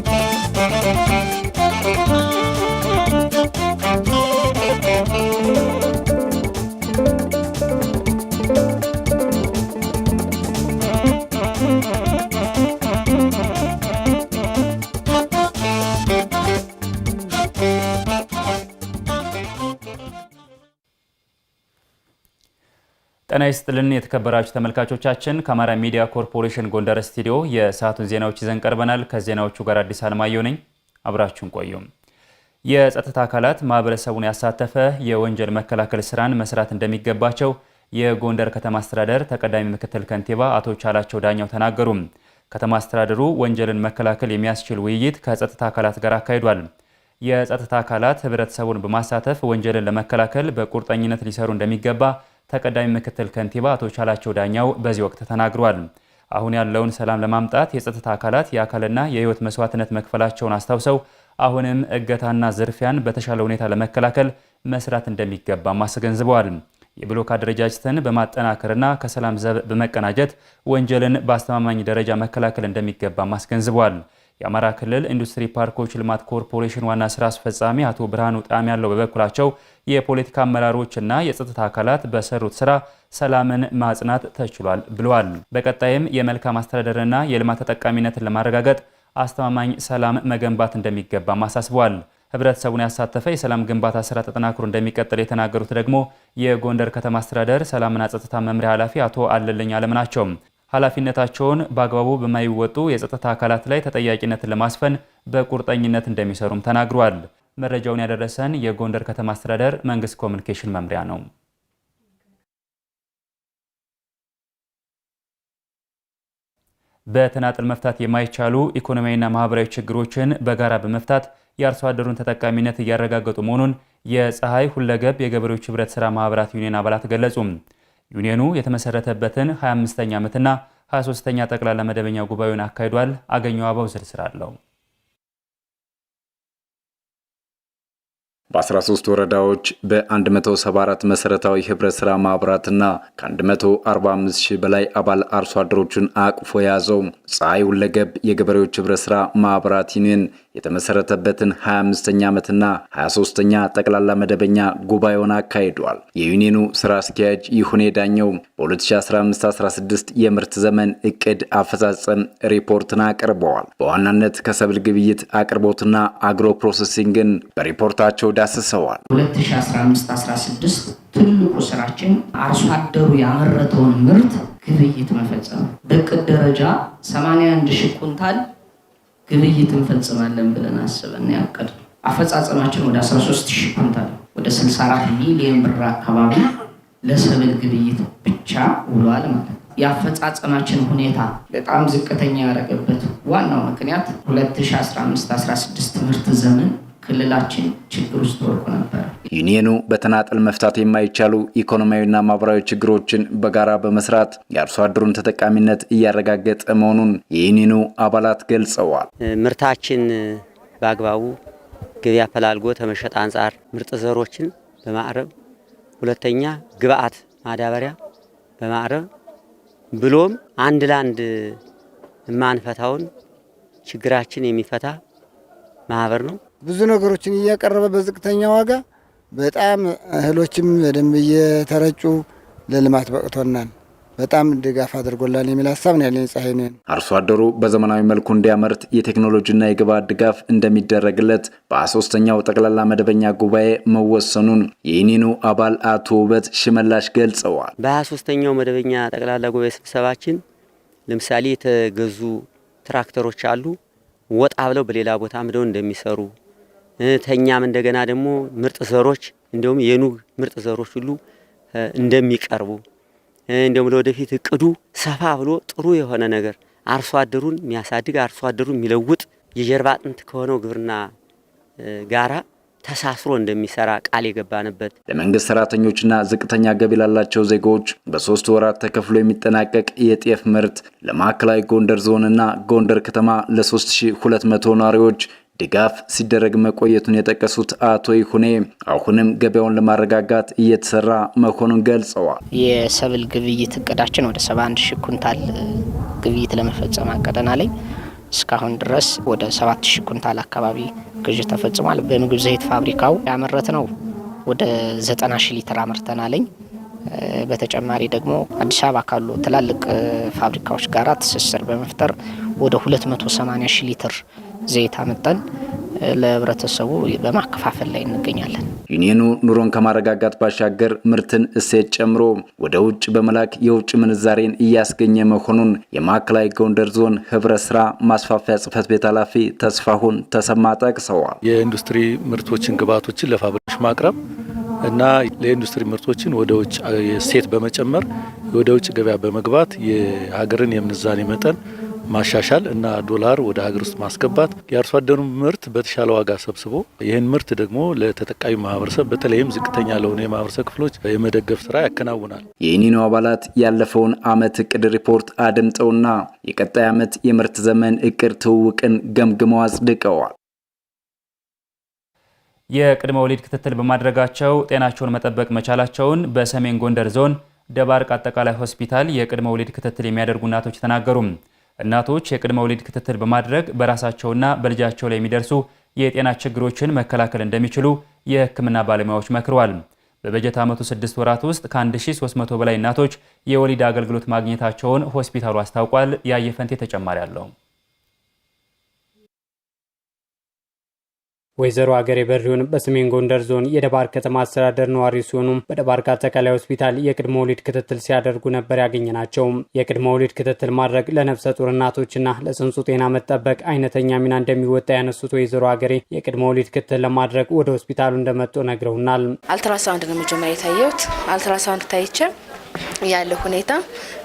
Bye. ጤና ይስጥልን የተከበራችሁ ተመልካቾቻችን፣ ከአማራ ሚዲያ ኮርፖሬሽን ጎንደር ስቱዲዮ የሰዓቱን ዜናዎች ይዘን ቀርበናል። ከዜናዎቹ ጋር አዲስ አለማየሁ ነኝ። አብራችሁን ቆዩ። የጸጥታ አካላት ማህበረሰቡን ያሳተፈ የወንጀል መከላከል ስራን መስራት እንደሚገባቸው የጎንደር ከተማ አስተዳደር ተቀዳሚ ምክትል ከንቲባ አቶ ቻላቸው ዳኛው ተናገሩ። ከተማ አስተዳደሩ ወንጀልን መከላከል የሚያስችል ውይይት ከጸጥታ አካላት ጋር አካሂዷል። የጸጥታ አካላት ህብረተሰቡን በማሳተፍ ወንጀልን ለመከላከል በቁርጠኝነት ሊሰሩ እንደሚገባ ተቀዳሚ ምክትል ከንቲባ አቶ ቻላቸው ዳኛው በዚህ ወቅት ተናግሯል። አሁን ያለውን ሰላም ለማምጣት የጸጥታ አካላት የአካልና የህይወት መስዋዕትነት መክፈላቸውን አስታውሰው አሁንም እገታና ዝርፊያን በተሻለ ሁኔታ ለመከላከል መስራት እንደሚገባም አስገንዝበዋል። የብሎክ አደረጃጀትን በማጠናከርና ከሰላም ዘብ በመቀናጀት ወንጀልን በአስተማማኝ ደረጃ መከላከል እንደሚገባም አስገንዝበዋል። የአማራ ክልል ኢንዱስትሪ ፓርኮች ልማት ኮርፖሬሽን ዋና ስራ አስፈጻሚ አቶ ብርሃኑ ጣም ያለው በበኩላቸው የፖለቲካ አመራሮችና የጸጥታ አካላት በሰሩት ስራ ሰላምን ማጽናት ተችሏል ብለዋል። በቀጣይም የመልካም አስተዳደርና የልማት ተጠቃሚነትን ለማረጋገጥ አስተማማኝ ሰላም መገንባት እንደሚገባም አሳስበዋል። ህብረተሰቡን ያሳተፈ የሰላም ግንባታ ስራ ተጠናክሮ እንደሚቀጥል የተናገሩት ደግሞ የጎንደር ከተማ አስተዳደር ሰላምና ጸጥታ መምሪያ ኃላፊ አቶ አለልኝ አለም ናቸው። ኃላፊነታቸውን በአግባቡ በማይወጡ የጸጥታ አካላት ላይ ተጠያቂነትን ለማስፈን በቁርጠኝነት እንደሚሰሩም ተናግሯል። መረጃውን ያደረሰን የጎንደር ከተማ አስተዳደር መንግስት ኮሚኒኬሽን መምሪያ ነው። በተናጠል መፍታት የማይቻሉ ኢኮኖሚያዊና ማህበራዊ ችግሮችን በጋራ በመፍታት የአርሶ አደሩን ተጠቃሚነት እያረጋገጡ መሆኑን የፀሐይ ሁለገብ የገበሬዎች ህብረት ስራ ማህበራት ዩኒየን አባላት ገለጹ። ዩኒየኑ የተመሰረተበትን 25ኛ ዓመትና 23ኛ ጠቅላላ መደበኛ ጉባኤውን አካሂዷል። አገኘው አበው ዝርዝር አለው። በ13 ወረዳዎች በ174 መሰረታዊ ህብረት ሥራ ማብራትና ከ145 ሺህ በላይ አባል አርሶ አደሮችን አቅፎ የያዘው ፀሐይ ሁለገብ የገበሬዎች ህብረት ሥራ ማብራት ዩኒየን የተመሠረተበትን 25ኛ ዓመትና 23ኛ ጠቅላላ መደበኛ ጉባኤውን አካሂዷል። የዩኒየኑ ሥራ አስኪያጅ ይሁኔ ዳኘው በ2015/16 የምርት ዘመን ዕቅድ አፈጻጸም ሪፖርትን አቅርበዋል። በዋናነት ከሰብል ግብይት አቅርቦትና አግሮ ፕሮሰሲንግን በሪፖርታቸው ዳስሰዋል። 2015/16 ትልቁ ስራችን አርሶ አደሩ ያመረተውን ምርት ግብይት መፈጸም። በቅድ ደረጃ 81 ሺህ ኩንታል ግብይት እንፈጽማለን ብለን አስበን ያቀድ አፈጻጸማችን ወደ 13 ሺህ ኩንታል ወደ 64 ሚሊዮን ብር አካባቢ ለሰብል ግብይት ብቻ ውሏል ማለት ነው። የአፈጻጸማችን ሁኔታ በጣም ዝቅተኛ ያደረገበት ዋናው ምክንያት 2015/16 ትምህርት ዘመን ክልላችን ችግር ውስጥ ወርቆ ነበር። ዩኒየኑ በተናጠል መፍታት የማይቻሉ ኢኮኖሚያዊና ማህበራዊ ችግሮችን በጋራ በመስራት የአርሶ አደሩን ተጠቃሚነት እያረጋገጠ መሆኑን የዩኒየኑ አባላት ገልጸዋል። ምርታችን በአግባቡ ገበያ ፈላልጎ ከመሸጥ አንጻር ምርጥ ዘሮችን በማቅረብ ሁለተኛ ግብአት ማዳበሪያ በማቅረብ ብሎም አንድ ለአንድ የማንፈታውን ችግራችን የሚፈታ ማህበር ነው። ብዙ ነገሮችን እያቀረበ በዝቅተኛ ዋጋ በጣም እህሎችም በደንብ እየተረጩ ለልማት በቅቶናል። በጣም ድጋፍ አድርጎላል የሚል ሀሳብ ነው ያለኝ። ፀሐይ ነን አርሶ አደሩ በዘመናዊ መልኩ እንዲያመርት የቴክኖሎጂና የግብዓት ድጋፍ እንደሚደረግለት በሶስተኛው ጠቅላላ መደበኛ ጉባኤ መወሰኑን የኢኔኑ አባል አቶ ውበት ሽመላሽ ገልጸዋል። በሶስተኛው መደበኛ ጠቅላላ ጉባኤ ስብሰባችን ለምሳሌ የተገዙ ትራክተሮች አሉ ወጣ ብለው በሌላ ቦታ ምደው እንደሚሰሩ ተኛም እንደገና ደግሞ ምርጥ ዘሮች እንዲሁም የኑግ ምርጥ ዘሮች ሁሉ እንደሚቀርቡ እንዲሁም ለወደፊት እቅዱ ሰፋ ብሎ ጥሩ የሆነ ነገር አርሶ አደሩን የሚያሳድግ አርሶ አደሩን የሚለውጥ የጀርባ አጥንት ከሆነው ግብርና ጋራ ተሳስሮ እንደሚሰራ ቃል የገባንበት ለመንግስት ሰራተኞችና ዝቅተኛ ገቢ ላላቸው ዜጎች በሶስት ወራት ተከፍሎ የሚጠናቀቅ የጤፍ ምርት ለማዕከላዊ ጎንደር ዞንና ጎንደር ከተማ ለ3200 ነዋሪዎች ድጋፍ ሲደረግ መቆየቱን የጠቀሱት አቶ ይሁኔ አሁንም ገበያውን ለማረጋጋት እየተሰራ መሆኑን ገልጸዋል። የሰብል ግብይት እቅዳችን ወደ 71 ሺ ኩንታል ግብይት ለመፈጸም ላይ እስካሁን ድረስ ወደ 7 ሺ ኩንታል አካባቢ ግዥ ተፈጽሟል። በምግብ ዘይት ፋብሪካው ያመረት ነው ወደ 90 ሺ ሊትር አምርተናለኝ። በተጨማሪ ደግሞ አዲስ አበባ ካሉ ትላልቅ ፋብሪካዎች ጋራ ትስስር በመፍጠር ወደ 280 ሺ ሊትር ዘይት አመጣን ለህብረተሰቡ በማከፋፈል ላይ እንገኛለን። ዩኒየኑ ኑሮን ከማረጋጋት ባሻገር ምርትን እሴት ጨምሮ ወደ ውጭ በመላክ የውጭ ምንዛሬን እያስገኘ መሆኑን የማዕከላዊ ጎንደር ዞን ህብረት ስራ ማስፋፊያ ጽህፈት ቤት ኃላፊ ተስፋሁን ተሰማ ጠቅሰዋል። የኢንዱስትሪ ምርቶችን ግብዓቶችን ለፋብሪካዎች ማቅረብ እና ለኢንዱስትሪ ምርቶችን ወደ ውጭ እሴት በመጨመር ወደ ውጭ ገበያ በመግባት የሀገርን የምንዛኔ መጠን ማሻሻል እና ዶላር ወደ ሀገር ውስጥ ማስገባት የአርሶ አደሩን ምርት በተሻለ ዋጋ ሰብስቦ ይህን ምርት ደግሞ ለተጠቃሚ ማህበረሰብ በተለይም ዝቅተኛ ለሆኑ የማህበረሰብ ክፍሎች የመደገፍ ስራ ያከናውናል። የኢኒኖ አባላት ያለፈውን ዓመት እቅድ ሪፖርት አድምጠውና የቀጣይ ዓመት የምርት ዘመን እቅድ ትውውቅን ገምግመው አጽድቀዋል። የቅድመ ወሊድ ክትትል በማድረጋቸው ጤናቸውን መጠበቅ መቻላቸውን በሰሜን ጎንደር ዞን ደባርቅ አጠቃላይ ሆስፒታል የቅድመ ወሊድ ክትትል የሚያደርጉ እናቶች ተናገሩም። እናቶች የቅድመ ወሊድ ክትትል በማድረግ በራሳቸውና በልጃቸው ላይ የሚደርሱ የጤና ችግሮችን መከላከል እንደሚችሉ የሕክምና ባለሙያዎች መክረዋል። በበጀት ዓመቱ ስድስት ወራት ውስጥ ከ1300 በላይ እናቶች የወሊድ አገልግሎት ማግኘታቸውን ሆስፒታሉ አስታውቋል። ያየፈንቴ ተጨማሪ አለው። ወይዘሮ ሀገሬ በሪሁን በሰሜን ጎንደር ዞን የደባር ከተማ አስተዳደር ነዋሪ ሲሆኑ በደባርቅ አጠቃላይ ሆስፒታል የቅድመ ወሊድ ክትትል ሲያደርጉ ነበር ናቸው። የቅድመ ወሊድ ክትትል ማድረግ ለነፍሰ ጡር እናቶችና ለጽንሱ ጤና መጠበቅ አይነተኛ ሚና እንደሚወጣ ያነሱት ወይዘሮ ሀገሬ የቅድመ ወሊድ ክትትል ለማድረግ ወደ ሆስፒታሉ እንደመጡ ነግረውናል። አልትራሳውንድ ነው መጀመሪያ የታየሁት። አልትራሳውንድ ታይቼ ያለው ሁኔታ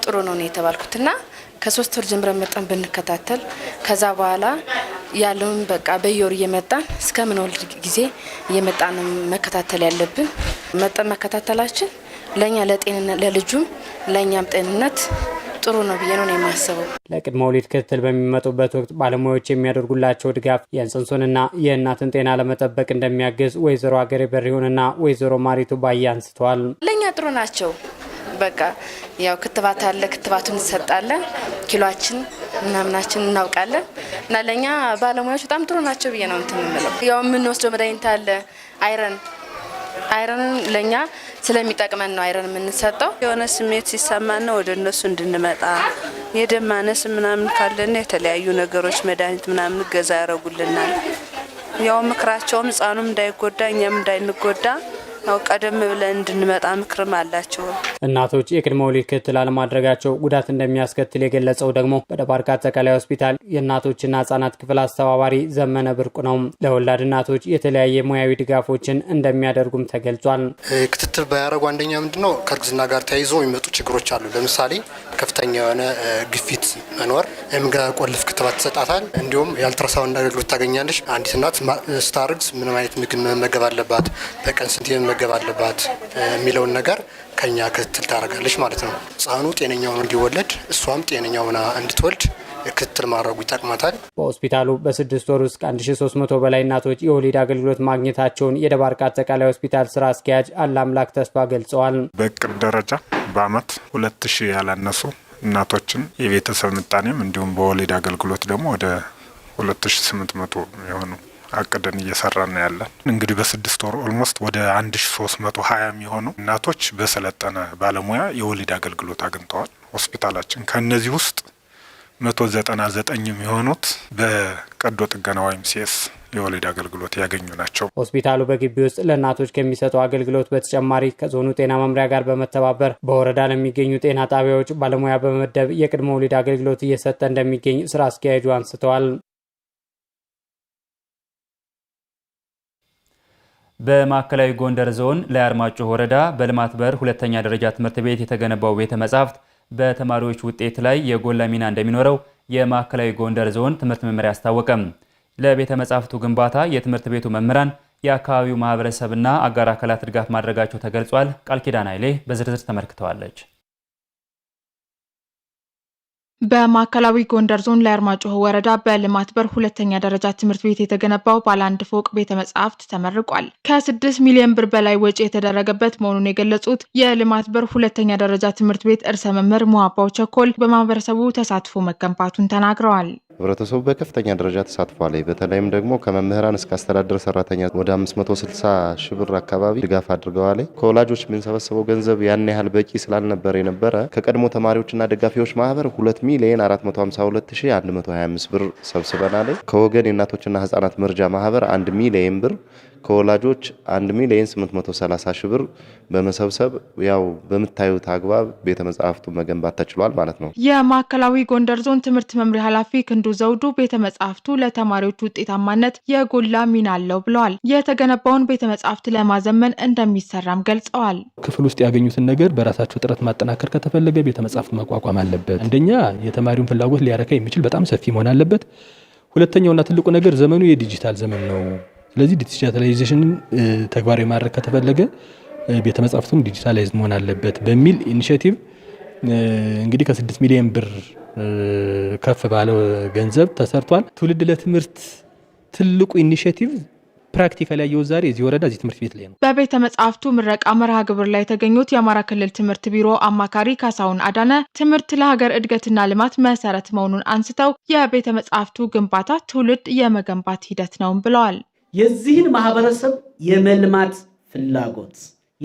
ጥሩ ነው ነው የተባልኩትና ከሶስት ወር ጀምረን መጠን ብንከታተል ከዛ በኋላ ያለውን በቃ በየወሩ እየመጣን እስከ ወልድ ጊዜ እየመጣን መከታተል ያለብን። መጠን መከታተላችን ለእኛ ለጤንነት ለልጁም ለእኛም ጤንነት ጥሩ ነው ብዬ ነው የማስበው። ለቅድመ ወሊድ ክትትል በሚመጡበት ወቅት ባለሙያዎች የሚያደርጉላቸው ድጋፍ የእንጽንሱንና የእናትን ጤና ለመጠበቅ እንደሚያግዝ ወይዘሮ አገሬ በሪሁንና ወይዘሮ ማሪቱ ባያ አንስተዋል። ለእኛ ጥሩ ናቸው። በቃ ያው ክትባት አለ፣ ክትባቱን እንሰጣለን። ኪሏችን ምናምናችን እናውቃለን እና ለእኛ ባለሙያዎች በጣም ጥሩ ናቸው ብዬ ነው እንትን የምለው። ያው የምንወስደው መድኃኒት አለ አይረን አይረን ለእኛ ስለሚጠቅመን ነው አይረን የምንሰጠው። የሆነ ስሜት ነው ወደ እነሱ እንድንመጣ የደም ማነስ ምናምን ካለና የተለያዩ ነገሮች መድኃኒት ምናምን እገዛ ያደረጉልናል። ያው ምክራቸውም ህፃኑም እንዳይጎዳ እኛም እንዳይንጎዳ ያው ቀደም ብለን እንድንመጣ ምክርም አላቸው። እናቶች የቅድመ ወሊድ ክትትል አለማድረጋቸው ጉዳት እንደሚያስከትል የገለጸው ደግሞ በደባርቅ አጠቃላይ ሆስፒታል የእናቶችና ህጻናት ክፍል አስተባባሪ ዘመነ ብርቁ ነው። ለወላድ እናቶች የተለያየ ሙያዊ ድጋፎችን እንደሚያደርጉም ተገልጿል። ክትትል ባያደረጉ አንደኛ ምንድነው ከእርግዝና ጋር ተያይዞ የሚመጡ ችግሮች አሉ። ለምሳሌ ከፍተኛ የሆነ ግፊት መኖር የምግብ ቆልፍ ክትባት ትሰጣታል። እንዲሁም የአልትራሳውንድ አገልግሎት ታገኛለች። አንዲት እናት ስታርግዝ ምንም አይነት ምግብ መመገብ አለባት፣ በቀን ስንት መመገብ አለባት የሚለውን ነገር ከኛ ክትትል ታደርጋለች ማለት ነው። ህፃኑ ጤነኛ ሆኖ እንዲወለድ እሷም ጤነኛ ሆና እንድትወልድ ክትትል ማድረጉ ይጠቅማታል። በሆስፒታሉ በስድስት ወር ውስጥ ሶስት መቶ በላይ እናቶች የወሊድ አገልግሎት ማግኘታቸውን የደባርቅ አጠቃላይ ሆስፒታል ስራ አስኪያጅ አምላክ ተስፋ ገልጸዋል። በእቅድ ደረጃ በአመት 2000 ያላነሱ እናቶችም የቤተሰብ ምጣኔም እንዲሁም በወሊድ አገልግሎት ደግሞ ወደ ሁለት ሺ ስምንት መቶ የሆኑ አቅደን እየሰራ ነው ያለን። እንግዲህ በስድስት ወር ኦልሞስት ወደ አንድ ሺ ሶስት መቶ ሀያ የሚሆኑ እናቶች በሰለጠነ ባለሙያ የወሊድ አገልግሎት አግኝተዋል ሆስፒታላችን። ከእነዚህ ውስጥ መቶ ዘጠና ዘጠኝ የሚሆኑት በቀዶ ጥገና ወይም ሲስ የወሊድ አገልግሎት ያገኙ ናቸው። ሆስፒታሉ በግቢ ውስጥ ለእናቶች ከሚሰጠው አገልግሎት በተጨማሪ ከዞኑ ጤና መምሪያ ጋር በመተባበር በወረዳ ለሚገኙ ጤና ጣቢያዎች ባለሙያ በመመደብ የቅድመ ወሊድ አገልግሎት እየሰጠ እንደሚገኝ ስራ አስኪያጁ አንስተዋል። በማዕከላዊ ጎንደር ዞን ላይ አርማጭሆ ወረዳ በልማት በር ሁለተኛ ደረጃ ትምህርት ቤት የተገነባው ቤተ መጻሕፍት በተማሪዎች ውጤት ላይ የጎላ ሚና እንደሚኖረው የማዕከላዊ ጎንደር ዞን ትምህርት መምሪያ አስታወቀም። ለቤተ መጻሕፍቱ ግንባታ የትምህርት ቤቱ መምህራን፣ የአካባቢው ማህበረሰብና አጋር አካላት ድጋፍ ማድረጋቸው ተገልጿል። ቃል ኪዳን ኃይሌ በዝርዝር ተመልክተዋለች። በማዕከላዊ ጎንደር ዞን ላይ አርማጭሆ ወረዳ በልማት በር ሁለተኛ ደረጃ ትምህርት ቤት የተገነባው ባለ አንድ ፎቅ ቤተ መጻሕፍት ተመርቋል። ከስድስት ሚሊዮን ብር በላይ ወጪ የተደረገበት መሆኑን የገለጹት የልማት በር ሁለተኛ ደረጃ ትምህርት ቤት እርሰ መምህር ሙሃባው ቸኮል በማህበረሰቡ ተሳትፎ መገንባቱን ተናግረዋል። ህብረተሰቡ በከፍተኛ ደረጃ ተሳትፏል። በተለይም ደግሞ ከመምህራን እስከ አስተዳደር ሰራተኛ ወደ 560 ሺ ብር አካባቢ ድጋፍ አድርገዋል። ከወላጆች የምንሰበሰበው ገንዘብ ያን ያህል በቂ ስላልነበረ የነበረ ከቀድሞ ተማሪዎችና ደጋፊዎች ማህበር 2 ሚሊዮን 452125 ብር ሰብስበናል። ከወገን የእናቶችና ህጻናት መርጃ ማህበር 1 ሚሊዮን ብር ከወላጆች 1 ሚሊዮን 830 ሺህ ብር በመሰብሰብ ያው በምታዩት አግባብ ቤተ መገንባት ተችሏል ማለት ነው። የማዕከላዊ ጎንደር ዞን ትምህርት መምሪያ ኃላፊ ክንዱ ዘውዱ ቤተ መጻሕፍቱ ለተማሪዎች ውጤታማነት የጎላ ሚና አለው ብለዋል። የተገነባውን ቤተ መጻሕፍት ለማዘመን እንደሚሰራም ገልጸዋል። ክፍል ውስጥ ያገኙትን ነገር በራሳቸው ጥረት ማጠናከር ከተፈለገ ቤተ መጻሕፍት መቋቋም አለበት። አንደኛ የተማሪውን ፍላጎት ሊያረካ የሚችል በጣም ሰፊ መሆን አለበት። ሁለተኛውና ትልቁ ነገር ዘመኑ የዲጂታል ዘመን ነው። ስለዚህ ዲጂታላይዜሽንን ተግባራዊ ማድረግ ከተፈለገ ቤተ መጻሕፍቱም ዲጂታላይዝ መሆን አለበት በሚል ኢኒሽቲቭ እንግዲህ ከስድስት ሚሊዮን ብር ከፍ ባለ ገንዘብ ተሰርቷል። ትውልድ ለትምህርት ትልቁ ኢኒሽቲቭ ፕራክቲካል ያየው ዛሬ እዚህ ወረዳ እዚህ ትምህርት ቤት ላይ ነው። በቤተ መጻሕፍቱ ምረቃ መርሃ ግብር ላይ የተገኙት የአማራ ክልል ትምህርት ቢሮ አማካሪ ካሳሁን አዳነ ትምህርት ለሀገር እድገትና ልማት መሰረት መሆኑን አንስተው የቤተ መጻሕፍቱ ግንባታ ትውልድ የመገንባት ሂደት ነው ብለዋል። የዚህን ማህበረሰብ የመልማት ፍላጎት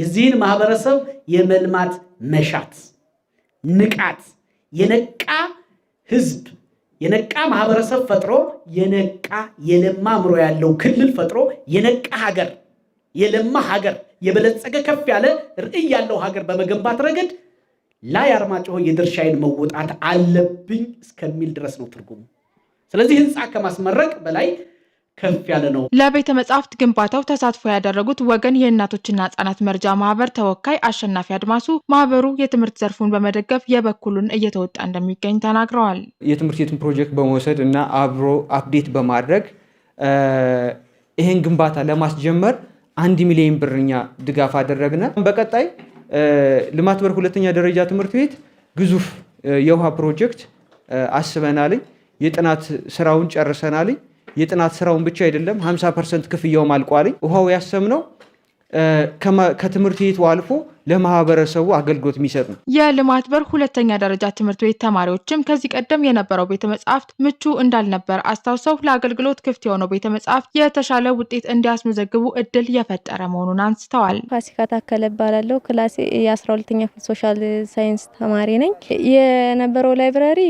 የዚህን ማህበረሰብ የመልማት መሻት ንቃት የነቃ ህዝብ የነቃ ማህበረሰብ ፈጥሮ የነቃ የለማ አእምሮ ያለው ክልል ፈጥሮ የነቃ ሀገር የለማ ሀገር የበለጸገ ከፍ ያለ ርዕይ ያለው ሀገር በመገንባት ረገድ ላይ አርማጭሆ የድርሻዬን መወጣት አለብኝ እስከሚል ድረስ ነው ትርጉሙ። ስለዚህ ህንፃ ከማስመረቅ በላይ ከፍ ያለ ነው። ለቤተ መጻሕፍት ግንባታው ተሳትፎ ያደረጉት ወገን የእናቶችና ህጻናት መርጃ ማህበር ተወካይ አሸናፊ አድማሱ ማህበሩ የትምህርት ዘርፉን በመደገፍ የበኩሉን እየተወጣ እንደሚገኝ ተናግረዋል። የትምህርት ቤቱን ፕሮጀክት በመውሰድ እና አብሮ አፕዴት በማድረግ ይህን ግንባታ ለማስጀመር አንድ ሚሊዮን ብር እኛ ድጋፍ አደረግነ። በቀጣይ ልማት በር ሁለተኛ ደረጃ ትምህርት ቤት ግዙፍ የውሃ ፕሮጀክት አስበናልኝ። የጥናት ስራውን ጨርሰናልኝ። የጥናት ስራውን ብቻ አይደለም 50 ፐርሰንት ክፍያውም አልቋልኝ። ውሃው ያሰብነው ከትምህርት ቤቱ አልፎ ለማህበረሰቡ አገልግሎት የሚሰጥ ነው። የልማት በር ሁለተኛ ደረጃ ትምህርት ቤት ተማሪዎችም ከዚህ ቀደም የነበረው ቤተ መጽሐፍት ምቹ እንዳልነበር አስታውሰው ለአገልግሎት ክፍት የሆነው ቤተ መጽሐፍት የተሻለ ውጤት እንዲያስመዘግቡ እድል የፈጠረ መሆኑን አንስተዋል። ፋሲካ ታከለ እባላለሁ። ክላሴ የአስራ ሁለተኛ ሶሻል ሳይንስ ተማሪ ነኝ። የነበረው ላይብራሪ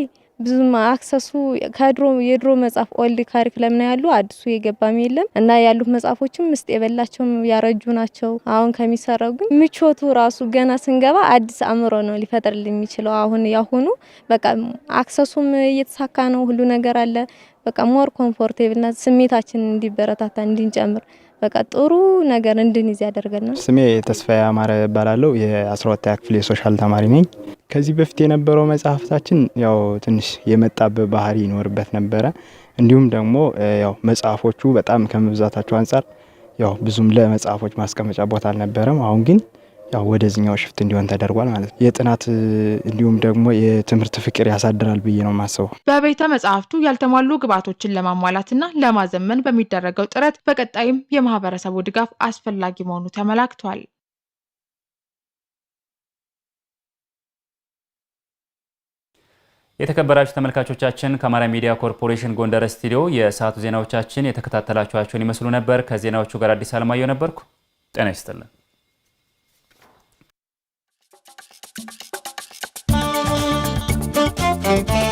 ብዙም አክሰሱ ከድሮ የድሮ መጽሐፍ ኦልድ ካሪክ ለምን ያሉ አዲሱ የገባም የለም እና ያሉት መጽሐፎችም ምስጥ የበላቸውም ያረጁ ናቸው። አሁን ከሚሰረጉ ምቾቱ ራሱ ገና ስንገባ አዲስ አእምሮ ነው ሊፈጥርል የሚችለው። አሁን ያሁኑ በቃ አክሰሱም እየተሳካ ነው፣ ሁሉ ነገር አለ። በቃ ሞር ኮምፎርቴብል ና ስሜታችን እንዲበረታታ እንድንጨምር በቃ ጥሩ ነገር እንድንይዝ ያደርገናል። ስሜ ተስፋዬ አማረ እባላለሁ። የአስራ ሁለተኛ ክፍል የሶሻል ተማሪ ነኝ። ከዚህ በፊት የነበረው መጽሐፍታችን ያው ትንሽ የመጣበብ ባህሪ ይኖርበት ነበረ። እንዲሁም ደግሞ ያው መጽሐፎቹ በጣም ከመብዛታቸው አንጻር ያው ብዙም ለመጽሐፎች ማስቀመጫ ቦታ አልነበረም። አሁን ግን ያው ወደዚህኛው ሽፍት እንዲሆን ተደርጓል ማለት ነው። የጥናት እንዲሁም ደግሞ የትምህርት ፍቅር ያሳድራል ብዬ ነው የማስበው በቤተ መጽሐፍቱ ያልተሟሉ ግብዓቶችን ለማሟላትና ለማዘመን በሚደረገው ጥረት በቀጣይም የማህበረሰቡ ድጋፍ አስፈላጊ መሆኑ ተመላክቷል። የተከበራችሁ ተመልካቾቻችን ከአማራ ሚዲያ ኮርፖሬሽን ጎንደር ስቱዲዮ የሰዓቱ ዜናዎቻችን የተከታተላችኋቸውን ይመስሉ ነበር። ከዜናዎቹ ጋር አዲስ አለማየሁ ነበርኩ። ጤና ይስጥልን። Thank you.